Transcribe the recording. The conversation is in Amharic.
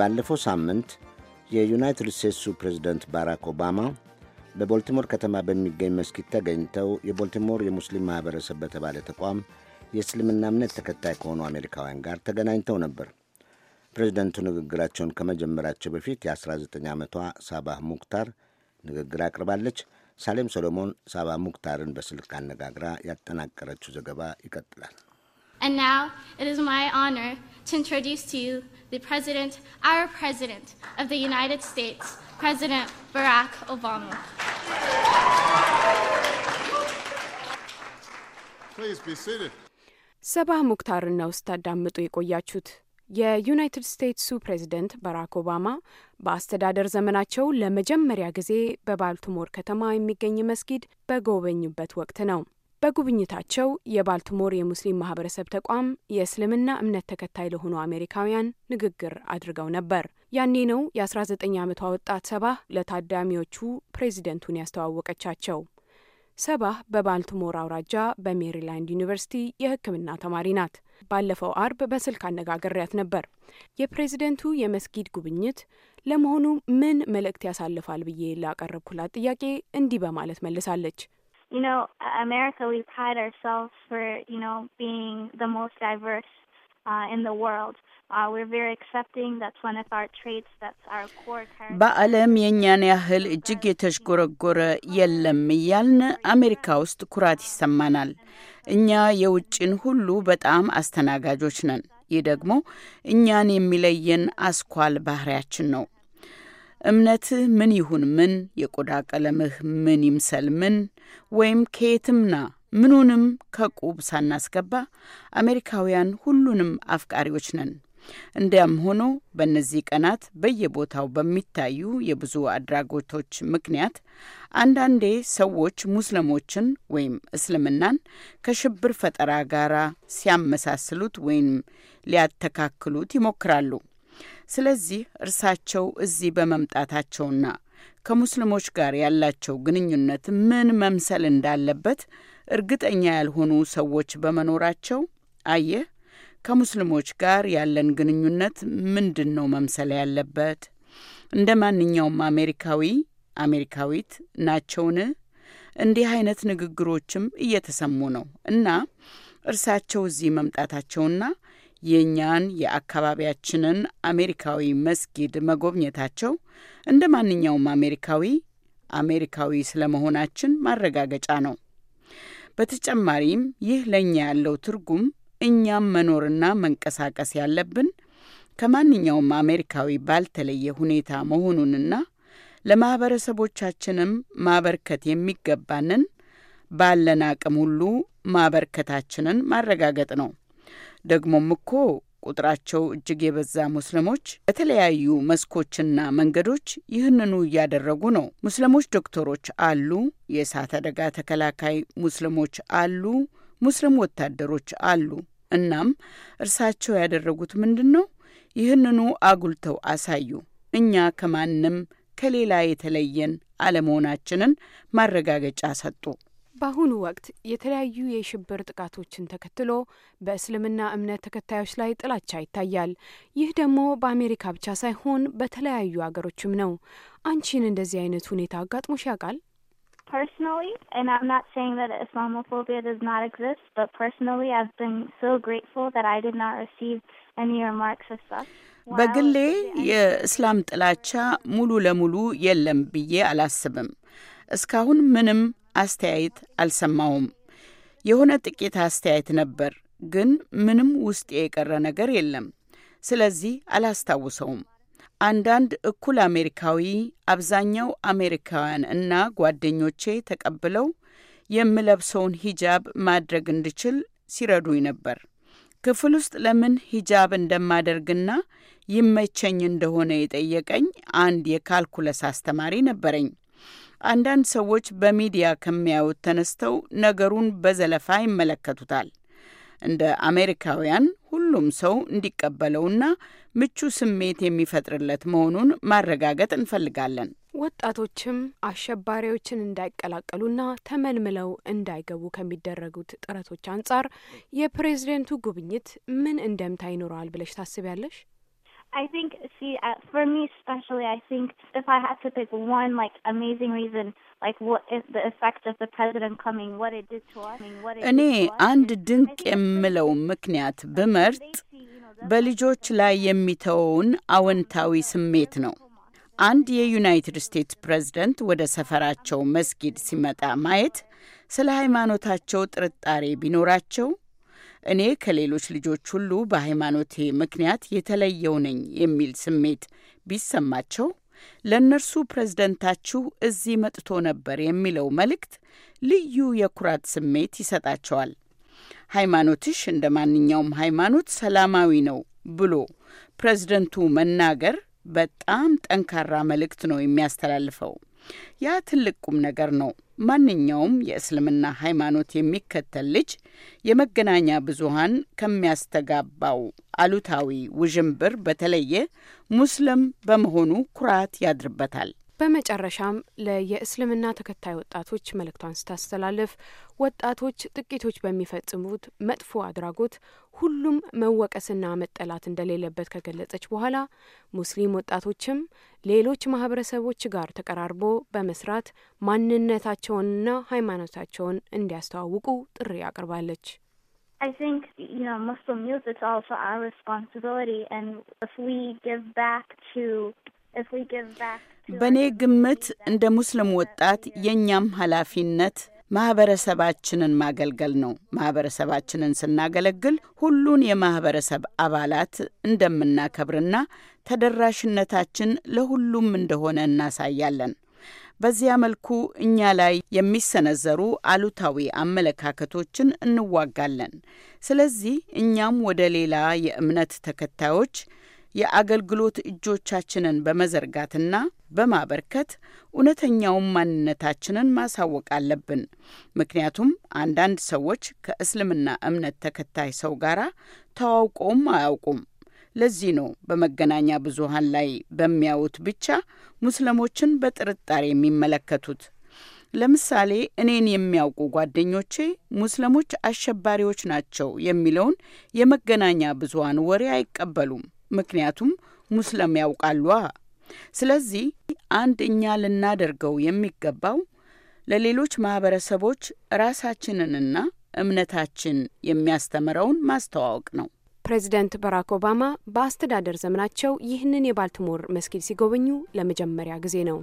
ባለፈው ሳምንት የዩናይትድ ስቴትሱ ፕሬዝደንት ባራክ ኦባማ በቦልቲሞር ከተማ በሚገኝ መስጊድ ተገኝተው የቦልቲሞር የሙስሊም ማኅበረሰብ በተባለ ተቋም የእስልምና እምነት ተከታይ ከሆኑ አሜሪካውያን ጋር ተገናኝተው ነበር። ፕሬዝደንቱ ንግግራቸውን ከመጀመራቸው በፊት የ19 ዓመቷ ሳባህ ሙክታር ንግግር አቅርባለች። ሳሌም ሰሎሞን ሳባህ ሙክታርን በስልክ አነጋግራ ያጠናቀረችው ዘገባ ይቀጥላል። And now it is my honor to introduce to you the President, our President of the United States, President Barack Obama. Please be seated. ሰባህ ሙክታርን ነው ስታዳምጡ የቆያችሁት። የዩናይትድ ስቴትሱ ፕሬዝደንት ባራክ ኦባማ በአስተዳደር ዘመናቸው ለመጀመሪያ ጊዜ በባልቲሞር ከተማ የሚገኝ መስጊድ በጎበኙበት ወቅት ነው። በጉብኝታቸው የባልቲሞር የሙስሊም ማህበረሰብ ተቋም የእስልምና እምነት ተከታይ ለሆኑ አሜሪካውያን ንግግር አድርገው ነበር። ያኔ ነው የ19 ዓመቷ ወጣት ሰባህ ለታዳሚዎቹ ፕሬዚደንቱን ያስተዋወቀቻቸው። ሰባህ በባልቲሞር አውራጃ በሜሪላንድ ዩኒቨርሲቲ የሕክምና ተማሪ ናት። ባለፈው አርብ በስልክ አነጋግሬያት ነበር። የፕሬዝደንቱ የመስጊድ ጉብኝት ለመሆኑ ምን መልእክት ያሳልፋል ብዬ ላቀረብኩላት ጥያቄ እንዲህ በማለት መልሳለች። you know, America, we pride ourselves for, you know, being the most diverse uh, in the world. Uh, we're very accepting. That's one of our traits. That's our core character. በዓለም የእኛን ያህል እጅግ የተሽጎረጎረ የለም እያልን አሜሪካ ውስጥ ኩራት ይሰማናል። እኛ የውጭን ሁሉ በጣም አስተናጋጆች ነን። ይህ ደግሞ እኛን የሚለየን አስኳል ባህሪያችን ነው። እምነትህ ምን ይሁን ምን፣ የቆዳ ቀለምህ ምን ይምሰል ምን፣ ወይም ከየትምና ምኑንም ከቁብ ሳናስገባ አሜሪካውያን ሁሉንም አፍቃሪዎች ነን። እንዲያም ሆኖ በእነዚህ ቀናት በየቦታው በሚታዩ የብዙ አድራጎቶች ምክንያት አንዳንዴ ሰዎች ሙስሊሞችን ወይም እስልምናን ከሽብር ፈጠራ ጋር ሲያመሳስሉት ወይም ሊያተካክሉት ይሞክራሉ። ስለዚህ እርሳቸው እዚህ በመምጣታቸውና ከሙስሊሞች ጋር ያላቸው ግንኙነት ምን መምሰል እንዳለበት እርግጠኛ ያልሆኑ ሰዎች በመኖራቸው አየህ፣ ከሙስሊሞች ጋር ያለን ግንኙነት ምንድን ነው መምሰል ያለበት? እንደ ማንኛውም አሜሪካዊ አሜሪካዊት ናቸውን? እንዲህ አይነት ንግግሮችም እየተሰሙ ነው እና እርሳቸው እዚህ መምጣታቸውና የእኛን የአካባቢያችንን አሜሪካዊ መስጊድ መጎብኘታቸው እንደ ማንኛውም አሜሪካዊ አሜሪካዊ ስለመሆናችን ማረጋገጫ ነው። በተጨማሪም ይህ ለእኛ ያለው ትርጉም እኛም መኖርና መንቀሳቀስ ያለብን ከማንኛውም አሜሪካዊ ባልተለየ ሁኔታ መሆኑንና ለማህበረሰቦቻችንም ማበርከት የሚገባንን ባለን አቅም ሁሉ ማበርከታችንን ማረጋገጥ ነው። ደግሞም እኮ ቁጥራቸው እጅግ የበዛ ሙስሊሞች በተለያዩ መስኮችና መንገዶች ይህንኑ እያደረጉ ነው። ሙስሊሞች ዶክተሮች አሉ፣ የእሳት አደጋ ተከላካይ ሙስሊሞች አሉ፣ ሙስሊም ወታደሮች አሉ። እናም እርሳቸው ያደረጉት ምንድን ነው? ይህንኑ አጉልተው አሳዩ። እኛ ከማንም ከሌላ የተለየን አለመሆናችንን ማረጋገጫ ሰጡ። በአሁኑ ወቅት የተለያዩ የሽብር ጥቃቶችን ተከትሎ በእስልምና እምነት ተከታዮች ላይ ጥላቻ ይታያል። ይህ ደግሞ በአሜሪካ ብቻ ሳይሆን በተለያዩ አገሮችም ነው። አንቺን እንደዚህ አይነት ሁኔታ አጋጥሞሽ ያውቃል? Personally, and I'm not saying that Islamophobia does not exist, but personally I've been so grateful that I did not receive any remarks such. በግሌ የእስላም ጥላቻ ሙሉ ለሙሉ የለም ብዬ አላስብም። እስካሁን ምንም አስተያየት አልሰማውም። የሆነ ጥቂት አስተያየት ነበር፣ ግን ምንም ውስጤ የቀረ ነገር የለም። ስለዚህ አላስታውሰውም። አንዳንድ እኩል አሜሪካዊ፣ አብዛኛው አሜሪካውያን እና ጓደኞቼ ተቀብለው የምለብሰውን ሂጃብ ማድረግ እንድችል ሲረዱኝ ነበር። ክፍል ውስጥ ለምን ሂጃብ እንደማደርግና ይመቸኝ እንደሆነ የጠየቀኝ አንድ የካልኩለስ አስተማሪ ነበረኝ። አንዳንድ ሰዎች በሚዲያ ከሚያዩት ተነስተው ነገሩን በዘለፋ ይመለከቱታል። እንደ አሜሪካውያን ሁሉም ሰው እንዲቀበለውና ምቹ ስሜት የሚፈጥርለት መሆኑን ማረጋገጥ እንፈልጋለን። ወጣቶችም አሸባሪዎችን እንዳይቀላቀሉና ተመልምለው እንዳይገቡ ከሚደረጉት ጥረቶች አንጻር የፕሬዝደንቱ ጉብኝት ምን እንደምታ ይኖረዋል ብለሽ ታስቢያለሽ? I think, see, uh, for me especially, I think if I had to pick one like amazing reason, like what is the effect of the president coming, what it did to us, I mean, what it እኔ አንድ ድንቅ የምለው ምክንያት ብመርጥ በልጆች ላይ የሚተወውን አዎንታዊ ስሜት ነው። አንድ የዩናይትድ ስቴትስ ፕሬዝደንት ወደ ሰፈራቸው መስጊድ ሲመጣ ማየት ስለ ሃይማኖታቸው ጥርጣሬ ቢኖራቸው እኔ ከሌሎች ልጆች ሁሉ በሃይማኖቴ ምክንያት የተለየው ነኝ የሚል ስሜት ቢሰማቸው ለእነርሱ ፕሬዝደንታችሁ እዚህ መጥቶ ነበር የሚለው መልእክት ልዩ የኩራት ስሜት ይሰጣቸዋል። ሃይማኖትሽ እንደ ማንኛውም ሃይማኖት ሰላማዊ ነው ብሎ ፕሬዝደንቱ መናገር በጣም ጠንካራ መልእክት ነው የሚያስተላልፈው። ያ ትልቅ ቁም ነገር ነው። ማንኛውም የእስልምና ሃይማኖት የሚከተል ልጅ የመገናኛ ብዙሃን ከሚያስተጋባው አሉታዊ ውዥንብር በተለየ ሙስልም በመሆኑ ኩራት ያድርበታል። በመጨረሻም ለየእስልምና ተከታይ ወጣቶች መልእክቷን ስታስተላልፍ ወጣቶች ጥቂቶች በሚፈጽሙት መጥፎ አድራጎት ሁሉም መወቀስና መጠላት እንደሌለበት ከገለጸች በኋላ ሙስሊም ወጣቶችም ሌሎች ማህበረሰቦች ጋር ተቀራርቦ በመስራት ማንነታቸውንና ሃይማኖታቸውን እንዲያስተዋውቁ ጥሪ አቅርባለች። I think, you know, Muslim youth, it's also our responsibility. And if we give back to በእኔ ግምት እንደ ሙስሊም ወጣት የእኛም ኃላፊነት ማህበረሰባችንን ማገልገል ነው። ማህበረሰባችንን ስናገለግል ሁሉን የማህበረሰብ አባላት እንደምናከብርና ተደራሽነታችን ለሁሉም እንደሆነ እናሳያለን። በዚያ መልኩ እኛ ላይ የሚሰነዘሩ አሉታዊ አመለካከቶችን እንዋጋለን። ስለዚህ እኛም ወደ ሌላ የእምነት ተከታዮች የአገልግሎት እጆቻችንን በመዘርጋትና በማበርከት እውነተኛውን ማንነታችንን ማሳወቅ አለብን። ምክንያቱም አንዳንድ ሰዎች ከእስልምና እምነት ተከታይ ሰው ጋር ተዋውቀውም አያውቁም። ለዚህ ነው በመገናኛ ብዙሃን ላይ በሚያዩት ብቻ ሙስሊሞችን በጥርጣሬ የሚመለከቱት። ለምሳሌ እኔን የሚያውቁ ጓደኞቼ ሙስሊሞች አሸባሪዎች ናቸው የሚለውን የመገናኛ ብዙሃን ወሬ አይቀበሉም። ምክንያቱም ሙስለም ያውቃሏ። ስለዚህ አንድ እኛ ልናደርገው የሚገባው ለሌሎች ማህበረሰቦች ራሳችንንና እምነታችን የሚያስተምረውን ማስተዋወቅ ነው። ፕሬዚደንት ባራክ ኦባማ በአስተዳደር ዘመናቸው ይህንን የባልቲሞር መስጊድ ሲጎበኙ ለመጀመሪያ ጊዜ ነው።